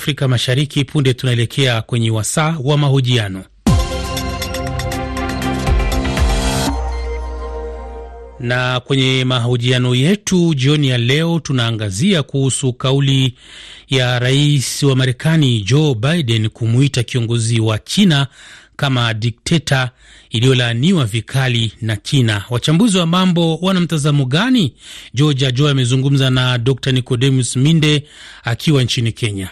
Afrika Mashariki. Punde tunaelekea kwenye wasaa wa mahojiano na kwenye mahojiano yetu jioni ya leo tunaangazia kuhusu kauli ya rais wa Marekani Joe Biden kumuita kiongozi wa China kama dikteta iliyolaaniwa vikali na China. Wachambuzi wa mambo wana mtazamo gani? Georgia Joe amezungumza na Dr Nicodemus Minde akiwa nchini Kenya.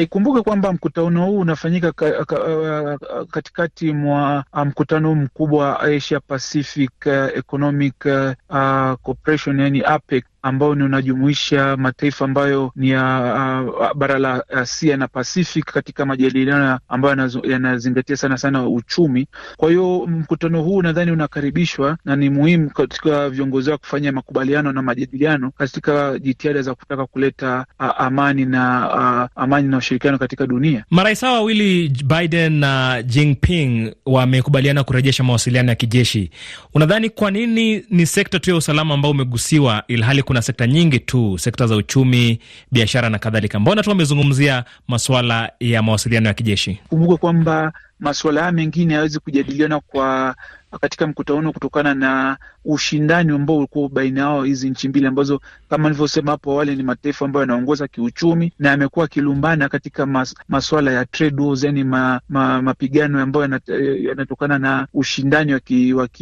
Ikumbuke kwamba mkutano huu unafanyika ka, ka, uh, katikati mwa uh, mkutano mkubwa wa Asia Pacific uh, Economic uh, Cooperation yani APEC ambao ni unajumuisha mataifa ambayo ni ya uh, bara la Asia na Pacific katika majadiliano ambayo yanazingatia sana sana uchumi. Kwa hiyo mkutano huu nadhani unakaribishwa na ni muhimu katika viongozi wao kufanya makubaliano na majadiliano katika jitihada za kutaka kuleta uh, amani na uh, amani na ushirikiano katika dunia. Marais hawa wawili Biden na Jinping wamekubaliana kurejesha mawasiliano ya kijeshi. Unadhani kwa nini ni sekta tu ya usalama ambao umegusiwa ilhali kuna sekta nyingi tu, sekta za uchumi, biashara na kadhalika. Mbona tu wamezungumzia masuala ya mawasiliano ya kijeshi? Kumbuke kwamba masuala haya mengine hayawezi kujadiliana kwa katika mkutano kutokana na ushindani ambao ulikuwa baina yao hizi nchi mbili ambazo kama nilivyosema hapo awali ni mataifa ambayo yanaongoza kiuchumi na yamekuwa akilumbana katika mas, maswala ya trade wars, yani ma, ma, mapigano ambayo yanatokana na ushindani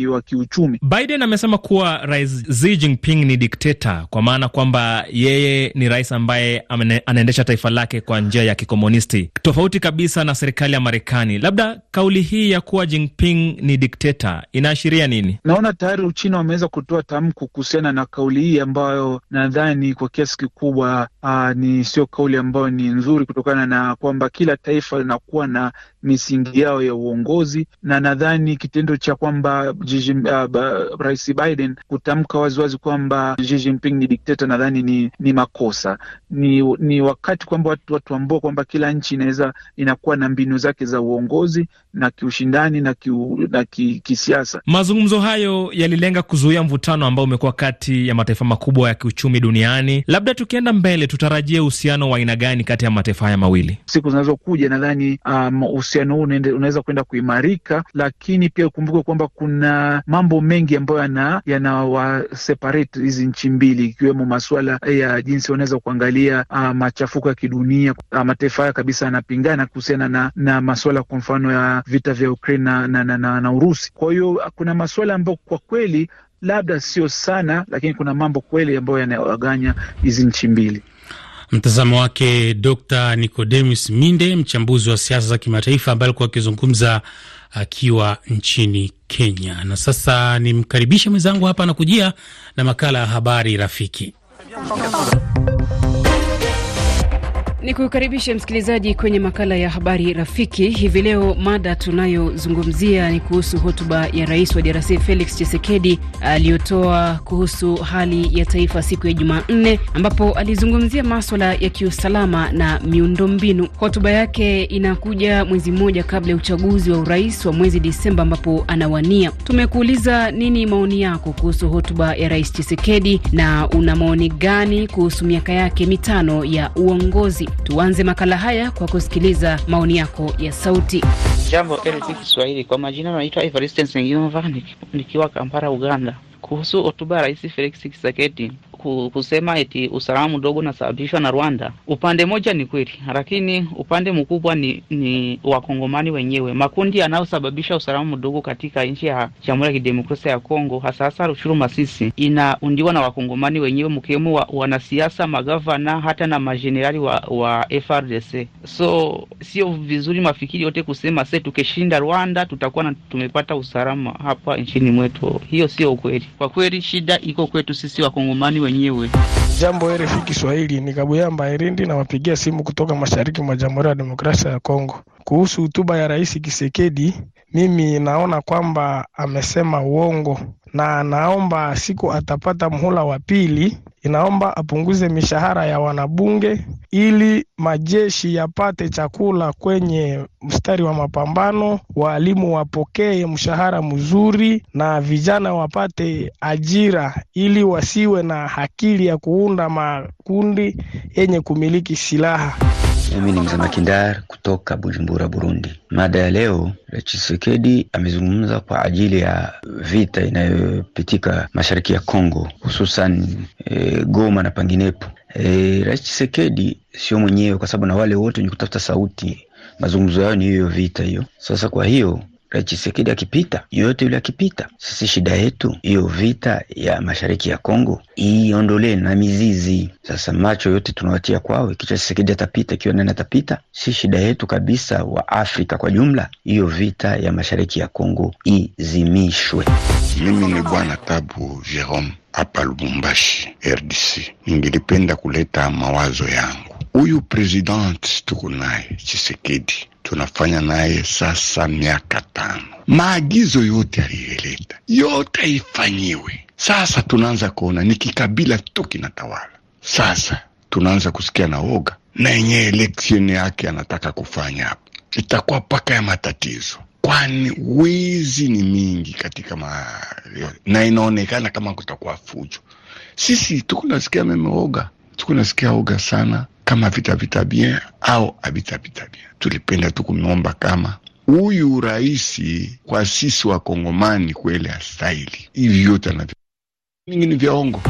wa kiuchumi. Biden amesema kuwa Rais Xi Jinping ni dikteta, kwa maana kwamba yeye ni rais ambaye anaendesha taifa lake kwa njia ya kikomunisti, tofauti kabisa na serikali ya Marekani. Labda kauli hii ya kuwa Jinping ni dikteta inaashiria nini? Naona tayari Uchina China wameweza kutoa tamko kuhusiana na kauli hii ambayo nadhani kwa kiasi kikubwa uh, ni sio kauli ambayo ni nzuri, kutokana na kwamba kila taifa linakuwa na misingi yao ya uongozi, na nadhani kitendo cha kwamba uh, Rais Biden kutamka waziwazi kwamba Xi Jinping ni dikteta nadhani ni, ni makosa. Ni, ni wakati kwamba watu watuambua kwamba kila nchi inaweza inakuwa na mbinu zake za uongozi na kiushindani na, kiu, na kisiasa. Mazungumzo hayo yalilenga katika kuzuia mvutano ambao umekuwa kati ya mataifa makubwa ya kiuchumi duniani. Labda tukienda mbele, tutarajie uhusiano wa aina gani kati ya mataifa haya mawili siku zinazokuja? Nadhani um, uhusiano um, huu unaweza kwenda kuimarika, lakini pia ukumbuke kwamba kuna mambo mengi ambayo yanawaseparate hizi nchi mbili, ikiwemo masuala eh, ya jinsi wanaweza kuangalia uh, machafuko ya kidunia. Uh, mataifa haya kabisa yanapingana kuhusiana na, na masuala kwa mfano ya vita vya Ukraine na, na, na, na Urusi. Kwa hiyo uh, kuna masuala ambayo kwa kweli labda sio sana, lakini kuna mambo kweli ambayo yanawaganya hizi nchi mbili. Mtazamo wake Dr Nicodemus Minde, mchambuzi wa siasa za kimataifa ambaye alikuwa akizungumza akiwa nchini Kenya. Na sasa nimkaribishe mwenzangu hapa anakujia na makala ya habari rafiki ni kukaribisha msikilizaji kwenye makala ya habari rafiki. Hivi leo mada tunayozungumzia ni kuhusu hotuba ya rais wa DRC Felix chisekedi aliyotoa kuhusu hali ya taifa siku ya Jumanne, ambapo alizungumzia maswala ya kiusalama na miundombinu. Hotuba yake inakuja mwezi mmoja kabla ya uchaguzi wa urais wa mwezi Disemba, ambapo anawania. Tumekuuliza nini maoni yako kuhusu hotuba ya rais chisekedi na una maoni gani kuhusu miaka yake mitano ya uongozi. Tuanze makala haya kwa kusikiliza maoni yako ya sauti. Jambo RFI Kiswahili, kwa majina naitwa Evariste Nsengiyumva nikiwa Kampala, Uganda, kuhusu hotuba ya Rais Felix Tshisekedi kusema eti usalama mdogo unasababishwa na Rwanda, upande moja ni kweli, lakini upande mkubwa ni, ni wakongomani wenyewe. Makundi yanayosababisha usalama mdogo katika nchi ya Jamhuri ya Kidemokrasia ya Kongo, hasa hasa Rushuru Masisi, inaundiwa na wakongomani wenyewe, mkiwemo wa, wanasiasa, magavana, hata na majenerali wa, wa FRDC. So sio vizuri mafikiri yote kusema se tukishinda Rwanda tutakuwa na tumepata usalama hapa nchini mwetu. Hiyo sio ukweli. Kwa kweli, shida iko kwetu sisi wakongomani wenyewe. Jambo RFI Kiswahili, ni Kabuyamba Irindi, nawapigia simu kutoka mashariki mwa Jamhuri ya Demokrasia ya Kongo. Kuhusu hotuba ya Rais Kisekedi, mimi naona kwamba amesema uongo na naomba siku atapata muhula wa pili inaomba apunguze mishahara ya wanabunge ili majeshi yapate chakula kwenye mstari wa mapambano, waalimu wapokee mshahara mzuri na vijana wapate ajira ili wasiwe na akili ya kuunda makundi yenye kumiliki silaha. Mimi ni mzee Makindar kutoka Bujumbura, Burundi. Mada ya leo, Rais Tshisekedi amezungumza kwa ajili ya vita inayopitika mashariki ya Kongo, hususan e, Goma na panginepo. E, Rais Tshisekedi sio mwenyewe, kwa sababu na wale wote wenye kutafuta sauti mazungumzo yao ni hiyo vita hiyo. Sasa kwa hiyo Rais eh, Tshisekedi akipita, yoyote yule akipita, sisi shida yetu hiyo vita ya mashariki ya Kongo iondolee na mizizi. Sasa macho yote tunawatia kwao, ikiwa Tshisekedi atapita, ikiwa nani atapita, si shida yetu kabisa, wa Afrika kwa jumla, hiyo vita ya mashariki ya Kongo izimishwe. Mimi ni Bwana Tabu Jerome hapa Lubumbashi, RDC. Ningelipenda kuleta mawazo yangu. Huyu president tuko naye Tshisekedi tunafanya naye sasa miaka tano. Maagizo yote aliyoleta yote ifanyiwe. Sasa tunaanza kuona ni kikabila tu kinatawala. Sasa tunaanza kusikia na woga, na yenyewe eleksion yake anataka kufanya hapo itakuwa paka ya matatizo, kwani wizi ni mingi katika ma... na inaonekana kama kutakuwa fujo. Sisi tukunasikia memeoga, tukunasikia oga sana kama vita vita bien au avita vita bien. Tulipenda tu kumwomba kama huyu raisi kwa sisi wa Kongomani kweli astahili hivi yote na vingine vya ongo.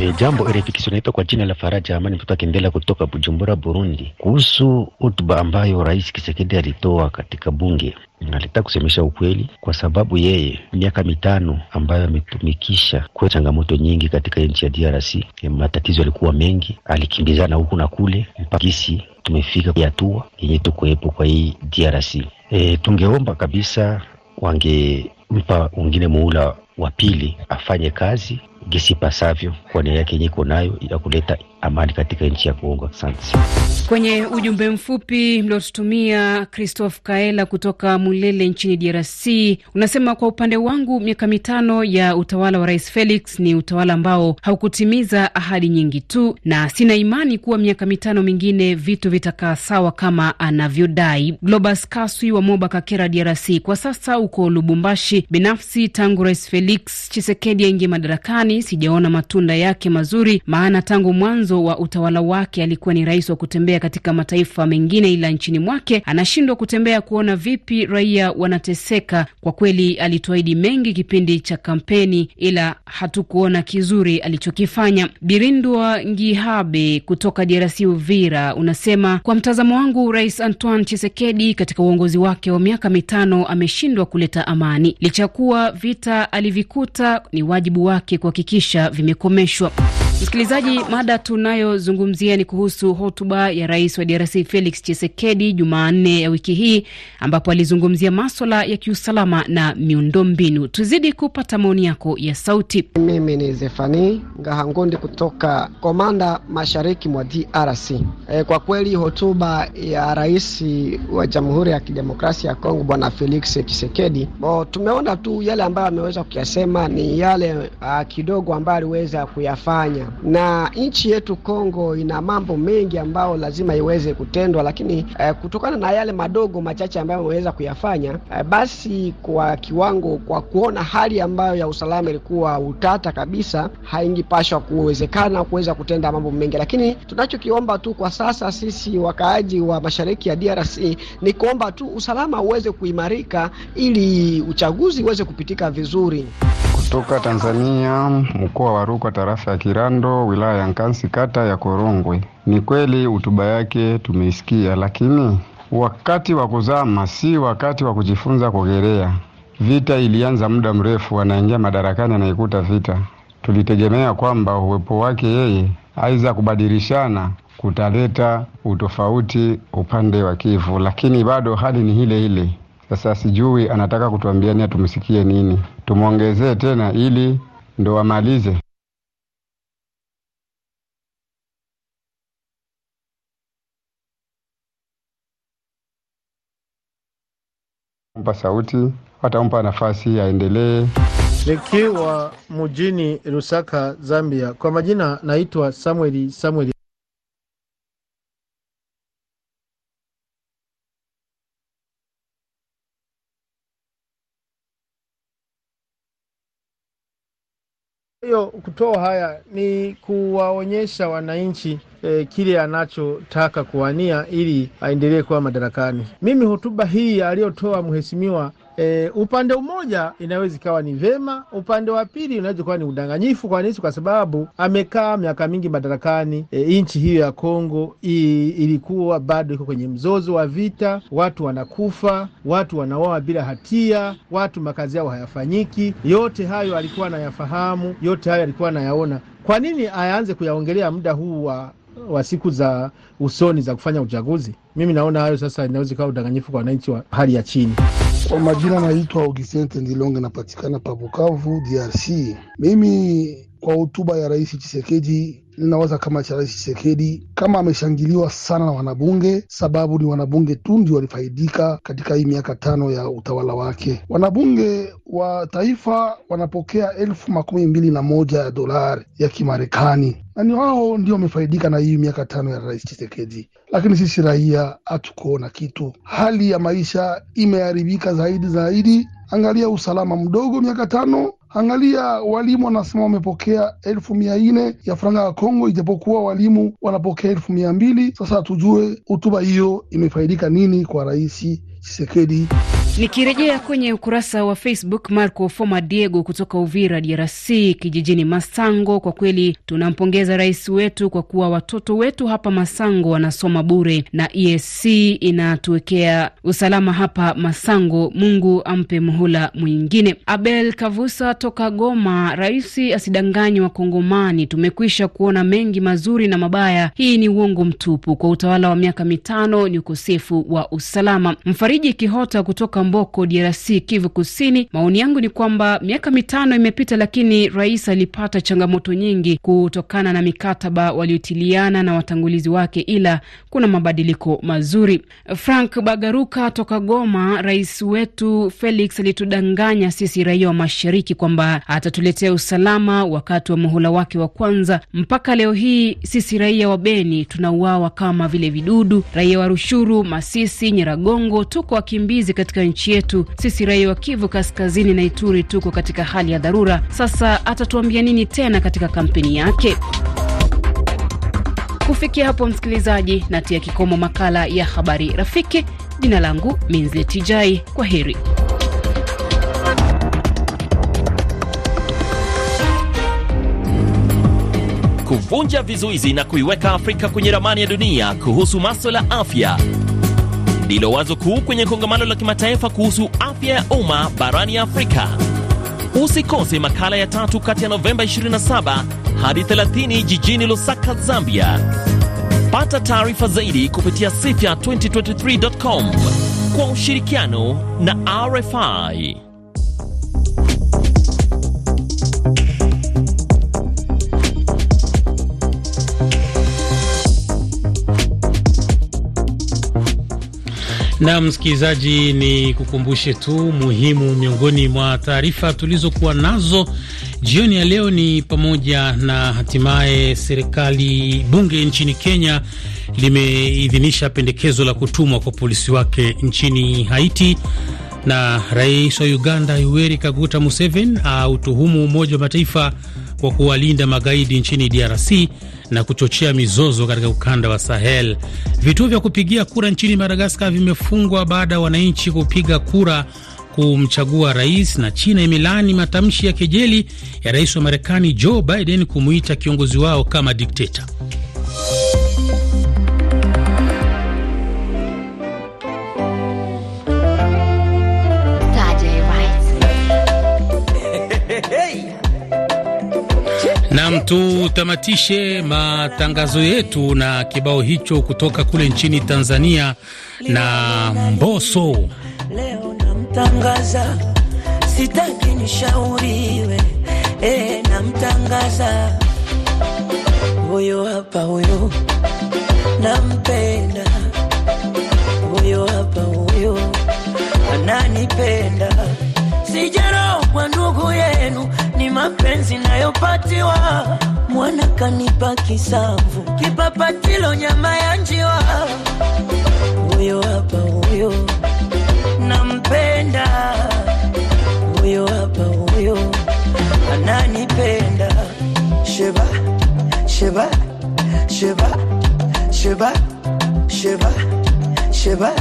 E, jambo RFI naitwa kwa jina la Faraja Amani mtoto akiendelea kutoka Bujumbura, Burundi, kuhusu hotuba ambayo Rais Kisekedi alitoa katika bunge. Alitaka kusemesha ukweli kwa sababu yeye miaka mitano ambayo ametumikisha kwa changamoto nyingi katika nchi ya DRC, eh, matatizo yalikuwa mengi, alikimbizana huku na kule mpaka sisi tumefika hatua yenye tukuwepo kwa hii DRC. E, eh, tungeomba kabisa wangempa wengine muhula wa pili afanye kazi gisipasavyo kwa nia yake yenye iko nayo ya kuleta amani katika nchi ya Kongo. Asante. Kwenye ujumbe mfupi mliotutumia, Christophe Kaela kutoka Mulele nchini DRC unasema, kwa upande wangu miaka mitano ya utawala wa Rais Felix ni utawala ambao haukutimiza ahadi nyingi tu, na sina imani kuwa miaka mitano mingine vitu vitakaa sawa kama anavyodai. Globas Kaswi wa Moba Kakera, DRC, kwa sasa uko Lubumbashi. Binafsi, tangu Rais Felix Chisekedi aingie madarakani sijaona matunda yake mazuri, maana tangu mwanzo mwanzo wa utawala wake alikuwa ni rais wa kutembea katika mataifa mengine, ila nchini mwake anashindwa kutembea, kuona vipi raia wanateseka. Kwa kweli alituahidi mengi kipindi cha kampeni, ila hatukuona kizuri alichokifanya. Birindwa Ngihabe kutoka DRC Uvira unasema, kwa mtazamo wangu, Rais Antoine chisekedi katika uongozi wake wa miaka mitano ameshindwa kuleta amani, licha kuwa vita alivikuta, ni wajibu wake kuhakikisha vimekomeshwa. Msikilizaji, mada tunayozungumzia ni kuhusu hotuba ya rais wa DRC Felix Tshisekedi Jumanne ya wiki hii, ambapo alizungumzia maswala ya kiusalama na miundombinu. Tuzidi kupata maoni yako ya sauti. Mimi ni Zefani Ngahangondi kutoka Komanda, mashariki mwa DRC. E, kwa kweli hotuba ya rais wa Jamhuri ya Kidemokrasia ya Kongo Bwana Felix Tshisekedi, tumeona tu yale ambayo ameweza kuyasema ni yale a, ah, kidogo ambayo aliweza kuyafanya na nchi yetu Kongo ina mambo mengi ambayo lazima iweze kutendwa, lakini eh, kutokana na yale madogo machache ambayo ameweza kuyafanya eh, basi kwa kiwango, kwa kuona hali ambayo ya usalama ilikuwa utata kabisa, haingipashwa kuwezekana kuweza kutenda mambo mengi, lakini tunachokiomba tu kwa sasa sisi wakaaji wa mashariki ya DRC ni kuomba tu usalama uweze kuimarika ili uchaguzi uweze kupitika vizuri. Kutoka Tanzania, mkoa wa Rukwa, tarafa ya Kiranda. Kibondo, wilaya ya Nkansi, kata ya Korongwe. Ni kweli hotuba yake tumeisikia, lakini wakati wa kuzama si wakati wa kujifunza kuogelea. Vita ilianza muda mrefu, anaingia madarakani, anaikuta vita. Tulitegemea kwamba uwepo wake yeye, aiza kubadilishana, kutaleta utofauti upande wa Kivu, lakini bado hali ni ile ile. Sasa sijui anataka kutuambia nini, tumsikie nini, tumwongezee tena ili ndo amalize. kumpa sauti, watampa nafasi aendelee. Nikiwa mjini Lusaka, Zambia, kwa majina naitwa Samueli Samueli. hiyo kutoa haya ni kuwaonyesha wananchi eh, kile anachotaka kuwania ili aendelee kuwa madarakani. Mimi hotuba hii aliyotoa mheshimiwa E, upande mmoja inaweza ikawa ni vema, upande wa pili unaweza kuwa ni udanganyifu kwa nini? kwa sababu amekaa miaka mingi madarakani. E, nchi hiyo ya Kongo i, ilikuwa bado iko kwenye mzozo wa vita, watu wanakufa, watu wanaoa bila hatia, watu makazi yao hayafanyiki. Yote hayo alikuwa anayafahamu, yote hayo alikuwa anayaona. Kwa nini aanze kuyaongelea muda huu wa wa siku za usoni za kufanya uchaguzi? Mimi naona hayo sasa inaweza ikawa udanganyifu kwa wananchi wa hali ya chini. Kwa majina naitwa Augustin Tendilonge, napatikana pa Bukavu, DRC. Mimi kwa hotuba ya Rais Chisekedi linawaza kama cha Rais Chisekedi kama ameshangiliwa sana na wanabunge, sababu ni wanabunge tu ndio walifaidika katika hii miaka tano ya utawala wake. Wanabunge wa taifa wanapokea elfu makumi mbili na moja ya dolari ya Kimarekani, na ni wao ndio wamefaidika na hii miaka tano ya Rais Chisekedi, lakini sisi raia hatukuona kitu. Hali ya maisha imeharibika zaidi zaidi. Angalia usalama mdogo miaka tano Angalia, walimu wanasema wamepokea elfu mia nne ya franga ya Kongo, ijapokuwa walimu wanapokea elfu mia mbili Sasa tujue hotuba hiyo imefaidika nini kwa Rais Chisekedi. Nikirejea kwenye ukurasa wa Facebook, Marco Foma Diego kutoka Uvira, DRC, kijijini Masango. Kwa kweli tunampongeza rais wetu kwa kuwa watoto wetu hapa Masango wanasoma bure na ESC inatuwekea usalama hapa Masango. Mungu ampe muhula mwingine. Abel Kavusa toka Goma, rais asidanganye Wakongomani, tumekwisha kuona mengi mazuri na mabaya. Hii ni uongo mtupu. Kwa utawala wa miaka mitano ni ukosefu wa usalama. Mfariji Kihota kutoka Kamboko, DRC, Kivu Kusini. Maoni yangu ni kwamba miaka mitano imepita, lakini rais alipata changamoto nyingi kutokana na mikataba waliotiliana na watangulizi wake, ila kuna mabadiliko mazuri. Frank Bagaruka toka Goma, rais wetu Felix alitudanganya sisi raia wa mashariki kwamba atatuletea usalama wakati wa muhula wake wa kwanza. Mpaka leo hii sisi raia wa Beni tunauawa kama vile vidudu. Raia wa Rushuru, Masisi, Nyiragongo tuko wakimbizi katika nchi yetu. Sisi raia wa Kivu Kaskazini na Ituri tuko katika hali ya dharura. Sasa atatuambia nini tena katika kampeni yake? Kufikia hapo, msikilizaji, natia kikomo makala ya habari rafiki. Jina langu Minzleti kwa heri. Kuvunja vizuizi na kuiweka Afrika kwenye ramani ya dunia kuhusu maswala afya ndilo wazo kuu kwenye kongamano la kimataifa kuhusu afya ya umma barani Afrika. Usikose makala ya tatu kati ya Novemba 27 hadi 30 jijini Lusaka, Zambia. Pata taarifa zaidi kupitia sifya 2023.com kwa ushirikiano na RFI. Na msikilizaji, ni kukumbushe tu muhimu miongoni mwa taarifa tulizokuwa nazo jioni ya leo ni pamoja na hatimaye serikali bunge nchini Kenya limeidhinisha pendekezo la kutumwa kwa polisi wake nchini Haiti, na rais wa Uganda Yoweri Kaguta Museveni autuhumu Umoja wa Mataifa kwa kuwalinda magaidi nchini DRC na kuchochea mizozo katika ukanda wa Sahel. Vituo vya kupigia kura nchini Madagaskar vimefungwa baada ya wananchi kupiga kura kumchagua rais, na China imelaani matamshi ya kejeli ya rais wa Marekani Joe Biden kumuita kiongozi wao kama dikteta. Nam, tutamatishe matangazo yetu na kibao hicho kutoka kule nchini Tanzania na Mboso. Leo namtangaza, sitaki nishauriwe, E, namtangaza huyo hapa, huyo nampenda, huyo hapa, huyo ananipenda, sijarokwa ndugu yenu mapenzi nayopatiwa, mwana kanipa kisamvu, kipapatilo nyama ya njiwa, huyo hapa huyo nampenda, huyo hapa huyo ananipenda. Sheba sheba sheba sheba sheba sheba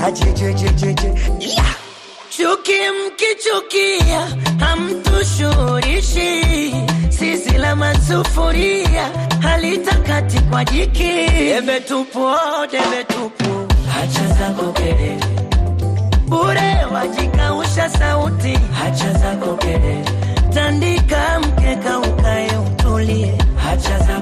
hajejejejeje yeah chuki mkichukia, hamtushurishi sisi la masufuria halitakati kwa jiki. Debe tupu, debe tupu, hacha zako kelele bure, wajikausha sauti, hacha zako kelele, tandika mkeka ukae utulie, hacha zako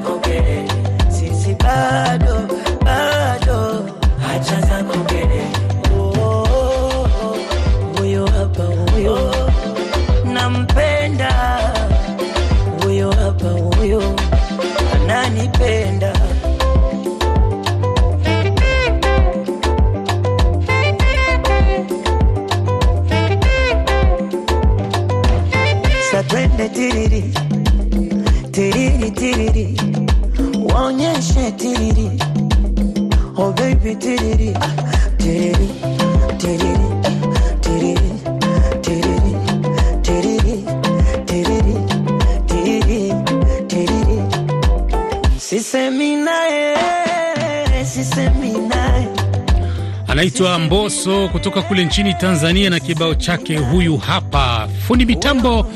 Anaitwa Mboso kutoka kule nchini Tanzania na kibao chake huyu hapa. Fundi mitambo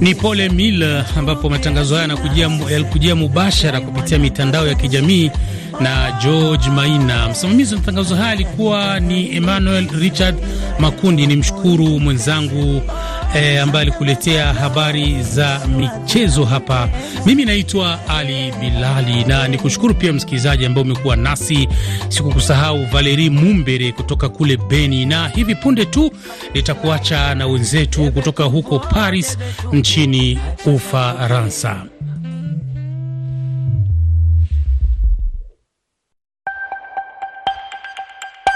ni Pole Mil, ambapo matangazo haya yanakujia mubashara kupitia mitandao ya kijamii na George Maina. Msimamizi wa matangazo haya alikuwa ni Emmanuel Richard Makundi. Ni mshukuru mwenzangu eh, ambaye alikuletea habari za michezo hapa. Mimi naitwa Ali Bilali na nikushukuru pia msikilizaji ambaye umekuwa nasi. Sikukusahau Valeri Mumbere kutoka kule Beni, na hivi punde tu nitakuacha na wenzetu kutoka huko Paris nchini Ufaransa.